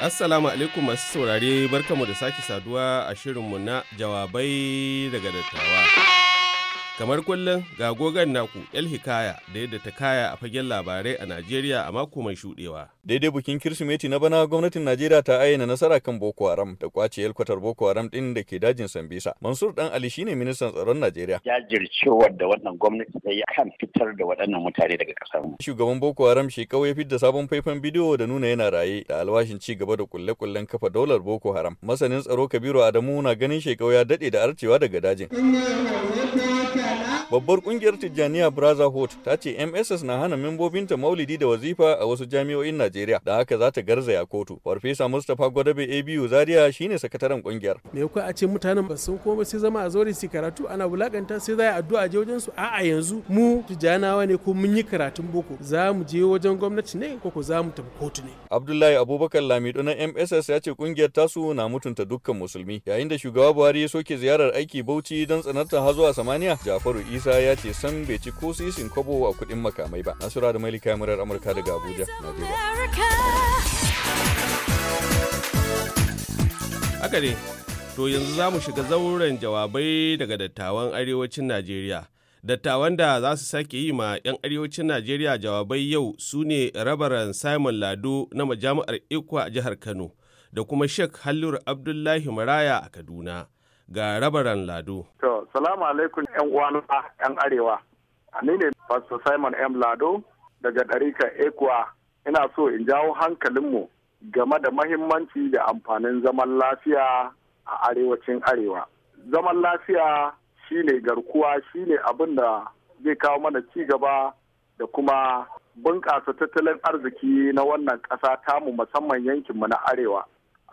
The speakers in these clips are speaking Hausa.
Assalamu alaikum masu saurare barkamu da sake saduwa a shirinmu na jawabai daga dattawa. Kamar kullum ga gogon naku El Hikaya da yadda ta kaya a fagen labarai a Najeriya a mako mai shudewa. Daidai bikin Kirsimeti na bana gwamnatin Najeriya ta ayyana nasara kan Boko Haram da kwace yalkwatar Boko Haram din da ke dajin Sambisa. Mansur Dan Ali shine ministan tsaron Najeriya. Jajircewar da wannan gwamnati ta yi kan fitar da waɗannan mutane daga ƙasar mu. Shugaban Boko Haram Shekau ya fitar da sabon faifan bidiyo da nuna yana raye da alwashin ci gaba da kulle-kullen kafa daular Boko Haram. Masanin tsaro Kabiru Adamu na ganin Shekau ya daɗe da arcewa daga dajin. Babbar kungiyar Tijjaniya Brotherhood ta ce MSS na hana membobinta maulidi da wazifa a wasu jami'o'in Najeriya da haka za ta garzaya kotu. Farfesa Mustapha Gwadabe ABU Zaria shine sakataren kungiyar. Me kuwa a ce mutanen ba sun koma sai zama a zori su karatu ana bulakanta sai za a addu'a je wajen su a'a yanzu mu Tijjanawa ne ko mun yi karatun boko za mu je wajen gwamnati ne ko ko za mu tafi kotu ne. Abdullahi Abubakar Lamido na MSS ya ce kungiyar tasu na mutunta dukkan musulmi yayin da shugaba Buhari ya soke ziyarar aiki Bauchi don tsanarta hazo a samaniya. Jafaru Isa ya ce san bai ci ko sisin kwabo a kuɗin makamai ba. Nasura da Malika murar Amurka daga Abuja, Najeriya. Haka ne, to yanzu za mu shiga zauren jawabai daga dattawan arewacin Najeriya. Dattawan da za su sake yi ma 'yan arewacin Najeriya jawabai yau su ne rabaran Simon Lado na majami'ar Ikwa a jihar Kano da kuma Sheikh Hallur Abdullahi Maraya a Kaduna. ga rabaran lado. To, salamu alaikum ‘yan uwana ‘yan arewa. Ni ne Pastor Simon M. Lado daga ɗarika Ekuwa. Ina so in jawo hankalinmu game da mahimmanci da amfanin zaman lafiya a arewacin arewa. Zaman lafiya shi ne garkuwa shi ne abin da zai kawo mana ci gaba da kuma bunƙasa tattalin arziki na wannan ƙasa tamu musamman yankinmu na arewa.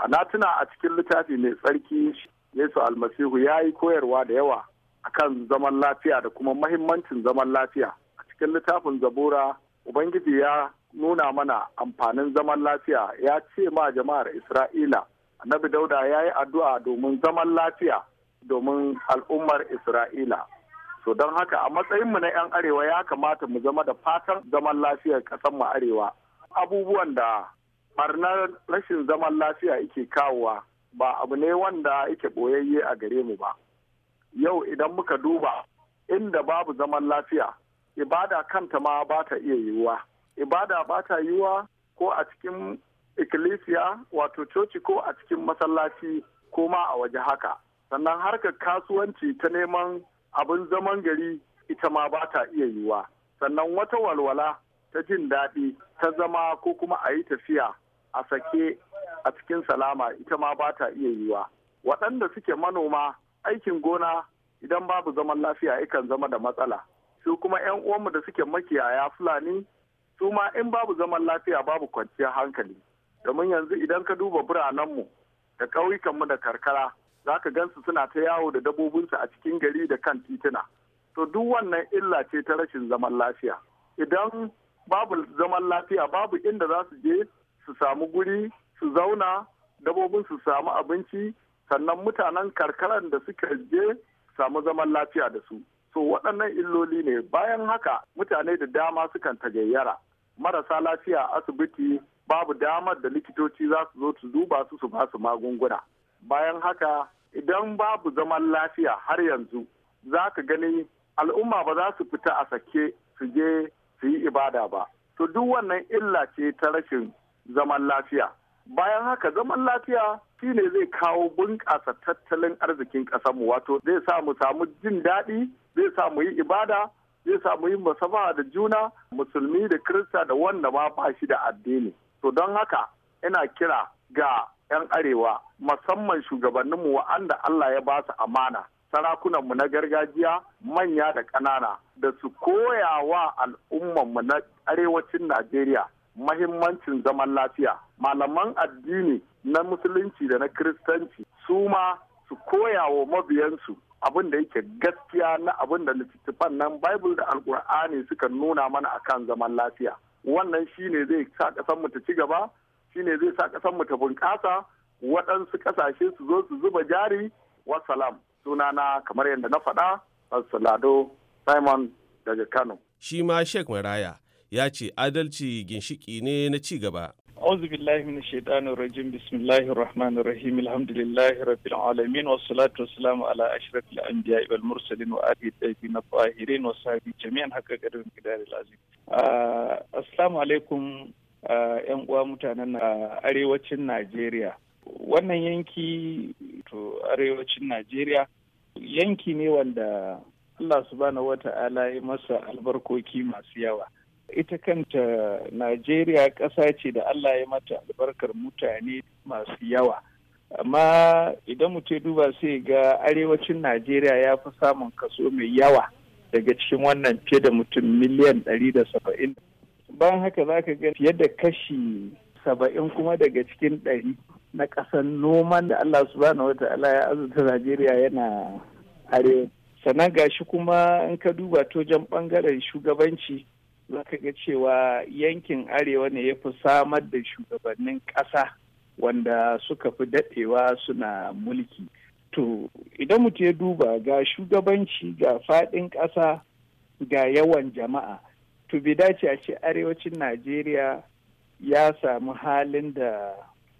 Na tuna a cikin littafi mai tsarki yesu almasihu ya yi koyarwa da yawa a kan zaman lafiya da kuma mahimmancin zaman lafiya a cikin littafin zabura ubangiji ya nuna mana amfanin zaman lafiya ya ce ma jama'ar isra'ila annabi dauda ya yi addu'a domin zaman lafiya domin al'ummar isra'ila to don haka a matsayinmu na 'yan arewa ya kamata mu zama da fatan zaman lafiyar mu arewa abubuwan da barnar rashin zaman lafiya yake kawowa ba abu ne wanda yake boyayye a gare mu ba yau idan muka duba inda babu zaman lafiya ibada kanta ma ba ta iya yiwuwa ibada ba ta yiwuwa ko a cikin ikkilisiya wato coci ko a cikin masallaci ko ma a waje haka sannan harkar kasuwanci ta neman abin zaman gari ita ma ba ta iya yiwuwa sannan wata walwala ta jin daɗi ta zama ko kuma a yi tafiya a sake a cikin salama ita ma ba ta iya yiwa waɗanda suke manoma aikin gona idan babu zaman lafiya ikan zama da matsala su kuma 'yan uwanmu da suke makiyaya fulani su ma in babu zaman lafiya babu kwanciyar hankali domin yanzu idan ka duba biranenmu da ƙauyukanmu da karkara za ka gansu suna ta yawo da dabobinsu a cikin gari da kan tituna to duk wannan illa ce ta rashin zaman lafiya idan babu zaman lafiya babu inda za su je su samu guri su zauna dabobin su samu abinci sannan mutanen karkaran da suka je samu zaman lafiya da su so waɗannan illoli ne bayan haka mutane da dama sukan tagayyara marasa lafiya asibiti babu damar da likitoci za su zo su duba su su basu magunguna bayan haka idan babu zaman lafiya har yanzu za ka gani al'umma ba za su fita a sake su je su yi ibada ba to duk wannan illa ce ta rashin zaman lafiya bayan haka zaman lafiya shi ne zai kawo bunƙasa tattalin arzikin ƙasarmu wato zai sa mu samu jin daɗi zai sa mu yi ibada zai sa mu yi musabaha da juna musulmi da kirista da wanda ma ba shi da addini to don haka ina kira ga 'yan arewa musamman shugabanninmu wa'anda Allah ya ba su amana sarakunanmu na gargajiya manya da ƙanana da su koya wa al'ummanmu na arewacin Najeriya mahimmancin zaman lafiya malaman addini na musulunci da na kiristanci su ma su koya wa mabiyansu abin da yake gaskiya na abin da littattafan nan bible da alkur'ani suka nuna mana a kan zaman lafiya wannan shine zai sa kasan mu ta ci gaba shine zai sa ƙasar mu ta bunƙasa waɗansu ƙasashe su zo su zuba jari wasalam sunana kamar yadda na faɗa salado simon daga kano shi ma sheikh maraya ya ce adalci ginshiki ne na ci gaba. Auzu billahi min shaitanin rajim bismillahi rahmanin rahim jami'an haka gari na gidan ah, ah, uwa mutanen na ah, arewacin Najeriya. Wannan yanki to Najeriya yanki ne wanda Allah su ya wata ala masa albarkoki masu yawa. ita kanta najeriya ƙasa ce da allah ya mata albarkar mutane masu yawa amma idan mu ce duba sai ga arewacin najeriya ya fi samun kaso mai yawa daga cikin wannan fiye da mutum miliyan da saba'in. bayan haka za ka ga fiye da kashi saba'in kuma daga cikin ɗari na kasan noman da Allah su wata wata'ala ya azurta Najeriya yana arewa. Sannan gashi kuma in ka duba jan ɓangaren shugabanci za ka ga cewa yankin arewa ne ya fi samar da shugabannin ƙasa wanda suka fi daɗewa suna mulki to idan mutu ya duba ga shugabanci ga faɗin ƙasa ga yawan jama'a to bai dace a ce arewacin najeriya ya samu halin da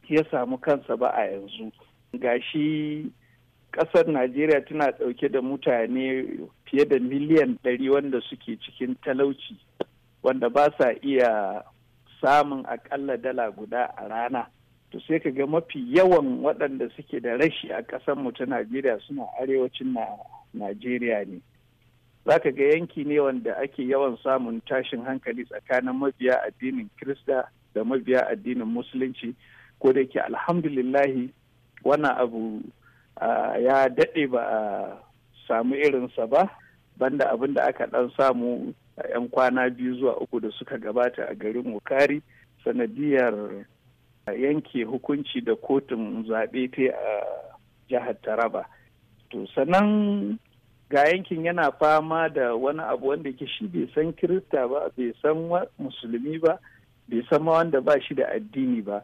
ya samu kansa ba a yanzu ga shi ƙasar najeriya tana ɗauke da mutane fiye da miliyan ɗari wanda suke cikin talauci wanda ba sa iya samun akalla dala guda a rana to sai ka ga mafi yawan waɗanda suke da rashi a ƙasar mu ta najeriya suna arewacin najeriya ne za ka ga yanki ne wanda ake yawan samun tashin hankali tsakanin mabiya addinin kirista da mabiya addinin musulunci ko da ke alhamdulillahi wannan abu ya daɗe ba a samu irinsa ba banda abin da aka ɗan samu a 'yan kwana biyu zuwa uku da suka gabata a garin wukari sanadiyar yanke hukunci da kotun zaɓe ta a jihar taraba to sannan ga yankin yana fama da wani abu wanda ke shi bai san kirista ba bai san musulmi ba bai san wanda ba shi da addini ba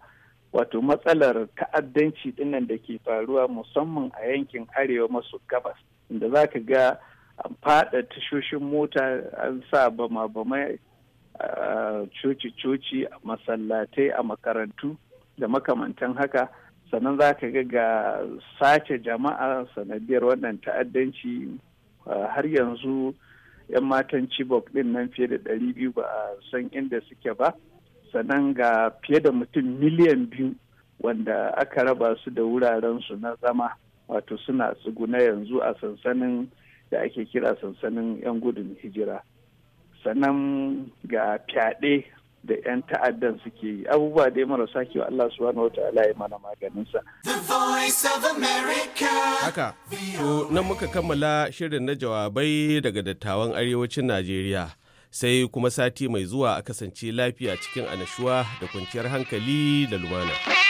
wato matsalar ta'addanci dinnan da ke faruwa musamman a yankin arewa maso gabas inda za ka ga an fada tashoshin mota an sa bama bamai coci-coci a masallatai a makarantu da makamantan haka sannan za ka ga sace jama'a sanadiyar wannan ta'addanci har yanzu 'yan matan chibok din nan fiye da biyu ba a san inda suke ba sannan ga fiye da mutum miliyan biyu wanda aka raba su da wuraren su na zama wato suna tsuguna yanzu a sansanin da ake kira sansanin 'yan gudun hijira sannan ga fyaɗe da 'yan ta'addan suke yi abubuwa dai marasa kiwo Allah wata ala yi mana maganinsa. Haka, to nan muka kammala shirin na jawabai daga dattawan arewacin Najeriya. Sai kuma sati mai zuwa a kasance lafiya cikin anashuwa da kwanciyar hankali da lumana.